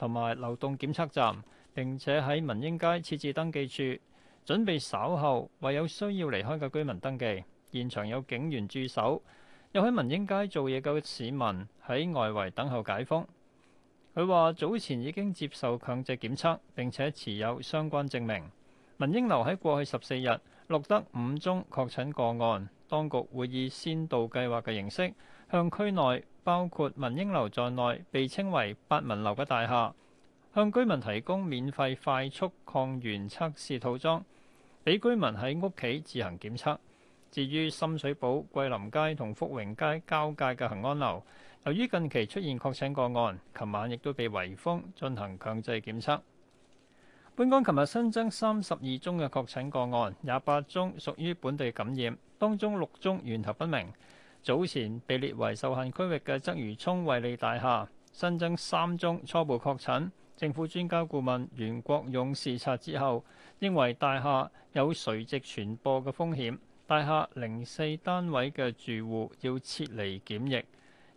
同埋流動檢測站，並且喺民英街設置登記處，準備稍後為有需要離開嘅居民登記。現場有警員駐守，有喺民英街做嘢嘅市民喺外圍等候解封。佢話早前已經接受強制檢測，並且持有相關證明。民英樓喺過去十四日錄得五宗確診個案，當局會以先導計劃嘅形式。向區內包括文英樓在內，被稱為八文樓嘅大廈，向居民提供免費快速抗原測試套裝，俾居民喺屋企自行檢測。至於深水埗桂林街同福榮街交界嘅恒安樓，由於近期出現確診個案，琴晚亦都被圍封進行強制檢測。本港琴日新增三十二宗嘅確診個案，廿八宗屬於本地感染，當中六宗源頭不明。早前被列為受限區域嘅鰂魚涌惠利大廈新增三宗初步確診，政府專家顧問袁國勇視察之後，認為大廈有垂直傳播嘅風險，大廈零四單位嘅住戶要撤離檢疫。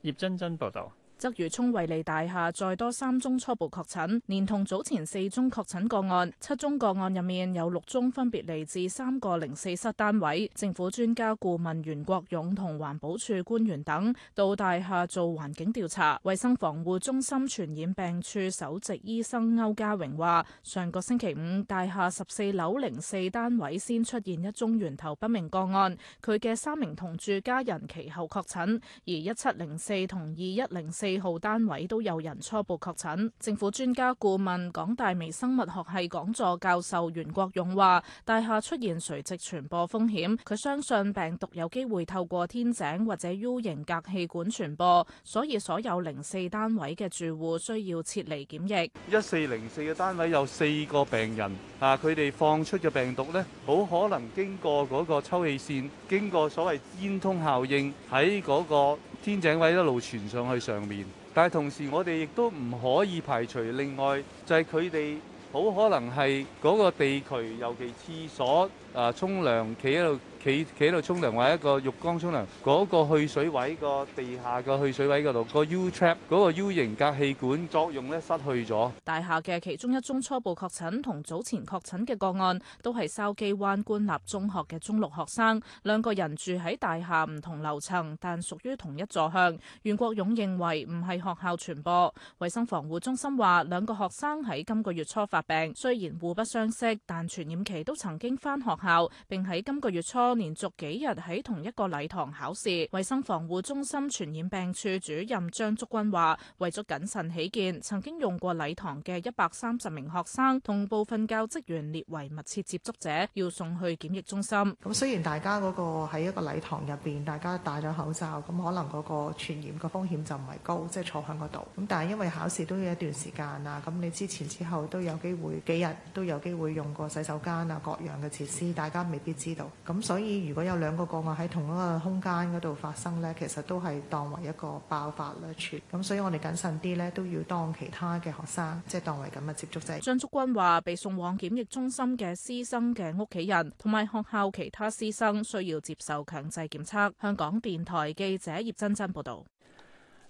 葉珍珍報導。鰂魚涌維利大廈再多三宗初步確診，連同早前四宗確診個案，七宗個案入面有六宗分別嚟自三個零四室單位。政府專家顧問袁國勇同環保署官員等到大廈做環境調查。衛生防護中心傳染病處首席醫生歐家榮話：上個星期五大廈十四樓零四單位先出現一宗源頭不明個案，佢嘅三名同住家人其後確診，而一七零四同二一零四。四號單位都有人初步確診。政府專家顧問、港大微生物學系講座教授袁國勇話：大廈出現垂直傳播風險，佢相信病毒有機會透過天井或者 U 型隔氣管傳播，所以所有零四單位嘅住戶需要撤離檢疫。一四零四嘅單位有四個病人，啊，佢哋放出嘅病毒呢，好可能經過嗰個抽氣線，經過所謂煙通效應喺嗰個。天井位一路傳上去上面，但係同時我哋亦都唔可以排除另外，就係佢哋好可能係嗰個地區，尤其廁所啊、沖涼企喺度。企企度沖涼，或者一個浴缸沖涼，嗰個去水位，個地下個去水位嗰度個 U trap 嗰個 U 型隔氣管作用呢，失去咗。大廈嘅其中一宗初步確診同早前確診嘅個案，都係筲箕灣官立中學嘅中六學生，兩個人住喺大廈唔同樓層，但屬於同一座向。袁國勇認為唔係學校傳播。衞生防護中心話，兩個學生喺今個月初發病，雖然互不相識，但傳染期都曾經返學校，並喺今個月初，連續幾日喺同一個禮堂考試，衛生防護中心傳染病處主任張竹君話：為咗謹慎起見，曾經用過禮堂嘅一百三十名學生同部分教職員列為密切接觸者，要送去檢疫中心。咁雖然大家嗰個喺一個禮堂入邊，大家戴咗口罩，咁可能嗰個傳染個風險就唔係高，即係坐喺嗰度。咁但係因為考試都要一段時間啊，咁你之前之後都有機會幾日都有機會用過洗手間啊各樣嘅設施，大家未必知道，咁所以。所以如果有兩個個案喺同一個空間嗰度發生呢，其實都係當為一個爆發咧串。咁所以我哋謹慎啲呢，都要當其他嘅學生即係當為咁嘅接觸者。張竹君話：被送往檢疫中心嘅師生嘅屋企人同埋學校其他師生需要接受強制檢測。香港電台記者葉珍珍報道。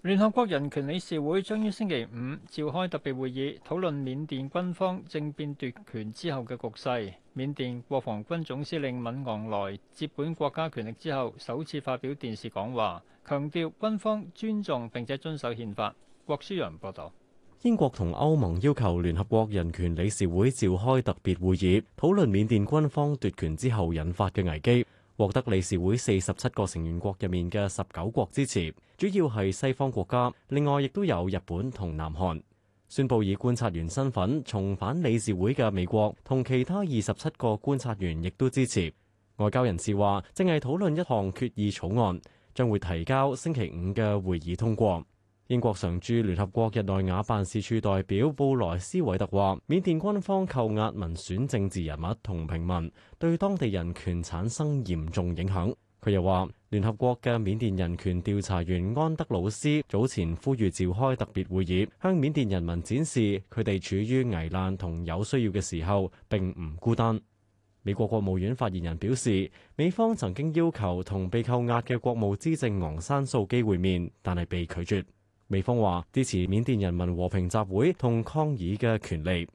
聯合國人權理事會將於星期五召開特別會議，討論緬甸軍方政變奪權之後嘅局勢，緬甸國防軍總司令敏昂萊接管國家權力之後首次發表電視講話，強調軍方尊重並且遵守憲法。郭書陽報道。英國同歐盟要求聯合國人權理事會召開特別會議，討論緬甸軍方奪權之後引發嘅危機。獲得理事會四十七個成員國入面嘅十九國支持，主要係西方國家，另外亦都有日本同南韓。宣布以觀察員身份重返理事會嘅美國，同其他二十七個觀察員亦都支持。外交人士話，正係討論一項決議草案，將會提交星期五嘅會議通過。英國常駐聯合國日內瓦辦事處代表布萊斯·韋特話，緬甸軍方扣押民選政治人物同平民，對當地人權產生嚴重影響。佢又話，聯合國嘅緬甸人權調查員安德魯斯早前呼籲召開特別會議，向緬甸人民展示佢哋處於危難同有需要嘅時候並唔孤單。美國國務院發言人表示，美方曾經要求同被扣押嘅國務資政昂山素姬會面，但係被拒絕。美方話支持緬甸人民和平集會同抗議嘅權利。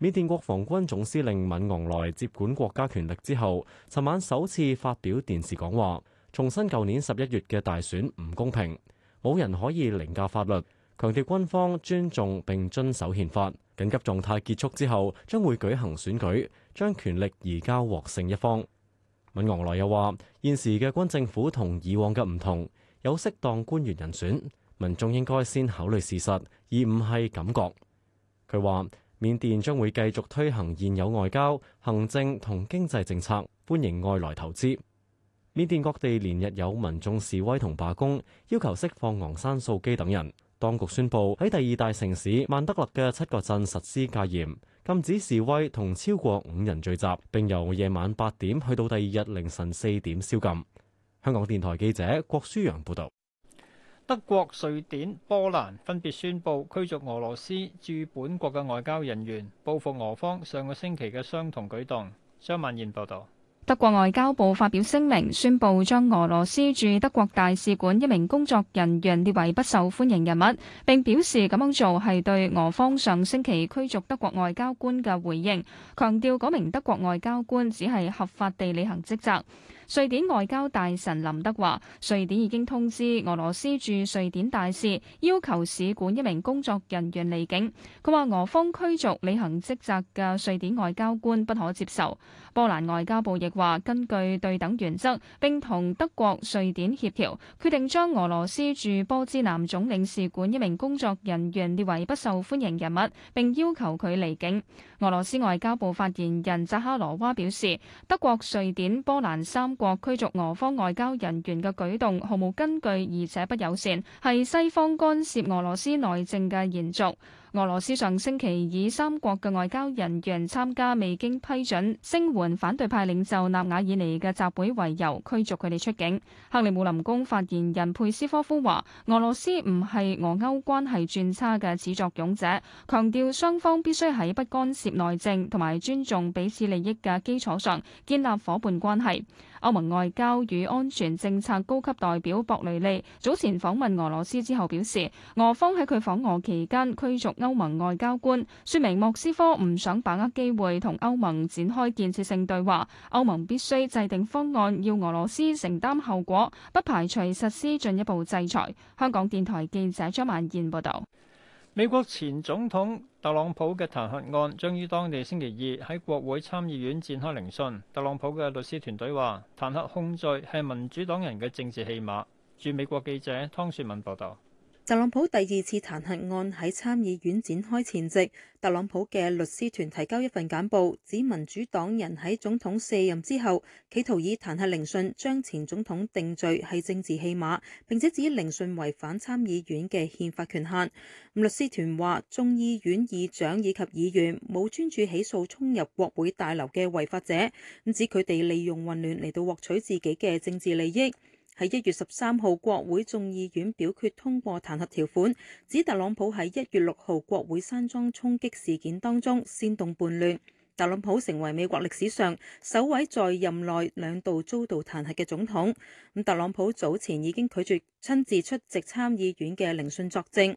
緬甸國防軍總司令敏昂萊接管國家權力之後，尋晚首次發表電視講話，重申舊年十一月嘅大選唔公平，冇人可以凌駕法律，強調軍方尊重並遵守憲法。緊急狀態結束之後，將會舉行選舉，將權力移交獲勝一方。敏昂萊又話，現時嘅軍政府同以往嘅唔同，有適當官員人選。民眾應該先考慮事實，而唔係感覺。佢話：緬甸將會繼續推行現有外交、行政同經濟政策，歡迎外來投資。緬甸各地連日有民眾示威同罷工，要求釋放昂山素姬等人。當局宣布喺第二大城市曼德勒嘅七個鎮實施戒嚴，禁止示威同超過五人聚集，並由夜晚八點去到第二日凌晨四點宵禁。香港電台記者郭舒揚報導。德國、瑞典、波蘭分別宣布驅逐俄羅斯駐本國嘅外交人員，報復俄方上個星期嘅相同舉動。張曼燕報道。德國外交部發表聲明，宣布將俄羅斯駐德國大使館一名工作人員列為不受歡迎人物，並表示咁樣做係對俄方上星期驅逐德國外交官嘅回應，強調嗰名德國外交官只係合法地履行職責。瑞典外交大臣林德話：瑞典已經通知俄羅斯駐瑞典大使，要求使館一名工作人員離境。佢話俄方驅逐履行職責嘅瑞典外交官不可接受。波蘭外交部亦話，根據對等原則，並同德國、瑞典協調，決定將俄羅斯駐波茲南總領事館一名工作人員列為不受歡迎人物，並要求佢離境。俄羅斯外交部發言人扎哈羅娃表示：德國、瑞典、波蘭三國驅逐俄方外交人員嘅舉動毫無根據，而且不友善，係西方干涉俄羅斯內政嘅延續。俄羅斯上星期以三國嘅外交人員參加未經批准聲援反對派領袖納瓦爾尼嘅集會為由驅逐佢哋出境。克里姆林宮發言人佩斯科夫話，俄羅斯唔係俄歐關係轉差嘅始作俑者，強調雙方必須喺不干涉內政同埋尊重彼此利益嘅基礎上建立伙伴關係。歐盟外交與安全政策高級代表博雷利早前訪問俄羅斯之後表示，俄方喺佢訪俄期間驅逐歐盟外交官，説明莫斯科唔想把握機會同歐盟展開建設性對話。歐盟必須制定方案，要俄羅斯承擔後果，不排除實施進一步制裁。香港電台記者張曼燕報道。美國前總統特朗普嘅彈劾案將於當地星期二喺國會參議院展開聆訊。特朗普嘅律師團隊話：彈劾控罪係民主黨人嘅政治戲碼。駐美國記者湯雪敏報道。特朗普第二次彈劾案喺參議院展開前夕，特朗普嘅律師團提交一份簡報，指民主黨人喺總統卸任之後，企圖以彈劾聆訊將前總統定罪係政治戲碼，並且指聆訊違反參議院嘅憲法權限。律師團話，眾議院議長以及議員冇專注起訴衝入國會大樓嘅違法者，咁指佢哋利用混亂嚟到獲取自己嘅政治利益。喺一月十三號，國會眾議院表決通過彈劾條款，指特朗普喺一月六號國會山莊衝擊事件當中煽動叛亂。特朗普成為美國歷史上首位在任內兩度遭到彈劾嘅總統。咁特朗普早前已經拒絕親自出席參議院嘅聆訊作證。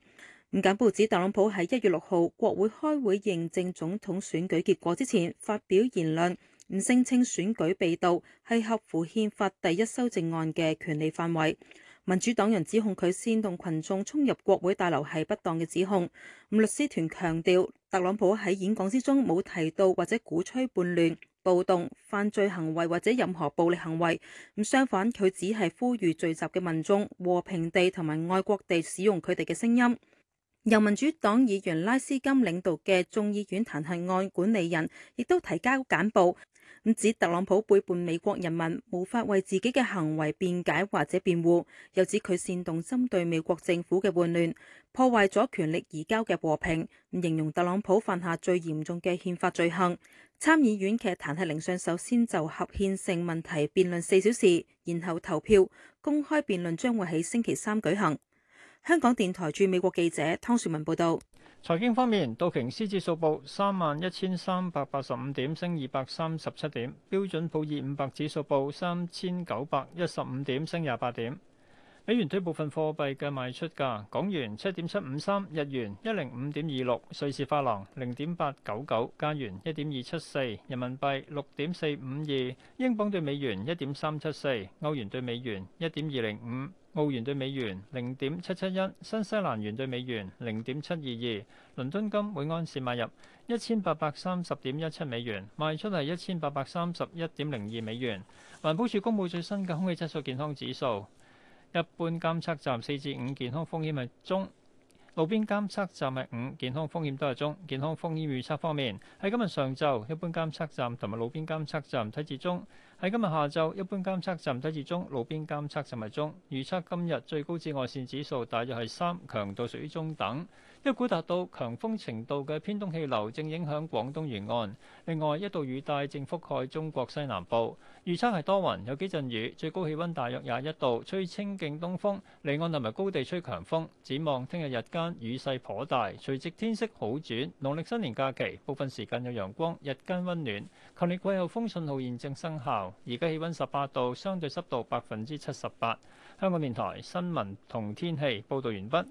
唔簡報指特朗普喺一月六號國會開會認證總統選舉結果之前發表言論。唔聲稱選舉被盜係合乎憲法第一修正案嘅權利範圍。民主黨人指控佢煽動群眾衝入國會大樓係不當嘅指控。咁律師團強調，特朗普喺演講之中冇提到或者鼓吹叛亂、暴動、犯罪行為或者任何暴力行為。咁相反，佢只係呼籲聚集嘅民眾和平地同埋愛國地使用佢哋嘅聲音。由民主黨議員拉斯金領導嘅眾議院彈劾案管理人亦都提交簡報。咁指特朗普背叛美國人民，無法為自己嘅行為辯解或者辯護，又指佢煽動針對美國政府嘅叛亂，破壞咗權力移交嘅和平，形容特朗普犯下最嚴重嘅憲法罪行。參議院劇彈劾聆訊，首先就合憲性問題辯論四小時，然後投票。公開辯論將會喺星期三舉行。香港電台駐美國記者湯雪文報道。財經方面，道瓊斯指數報三萬一千三百八十五點，升二百三十七點；標準普爾五百指數報三千九百一十五點，升廿八點。美元兌部分貨幣嘅賣出價：港元七點七五三，日元一零五點二六，瑞士法郎零點八九九，加元一點二七四，人民幣六點四五二，英鎊對美元一點三七四，歐元對美元一點二零五，澳元對美元零點七七一，新西蘭元對美元零點七二二。倫敦金每安士買入一千八百三十點一七美元，賣出係一千八百三十一點零二美元。環保署公佈最新嘅空氣質素健康指數。一般監測站四至五，健康風險係中，路邊監測站係五，健康風險都係中。健康風險預測方面，喺今日上晝，一般監測站同埋路邊監測站體節中。喺今日下晝，一般監測站低至中，路邊監測站係中。預測今日最高紫外線指數大約係三，強度屬於中等。一股達到強風程度嘅偏東氣流正影響廣東沿岸，另外一度雨帶正覆蓋中國西南部。預測係多雲，有幾陣雨，最高氣温大約廿一度，吹清勁東風。離岸同埋高地吹強風。展望聽日日間雨勢頗大，隨即天色好轉。農曆新年假期部分時間有陽光，日間温暖。強烈季候風信號現正正生效。而家氣溫十八度，相對濕度百分之七十八。香港電台新聞同天氣報道完畢。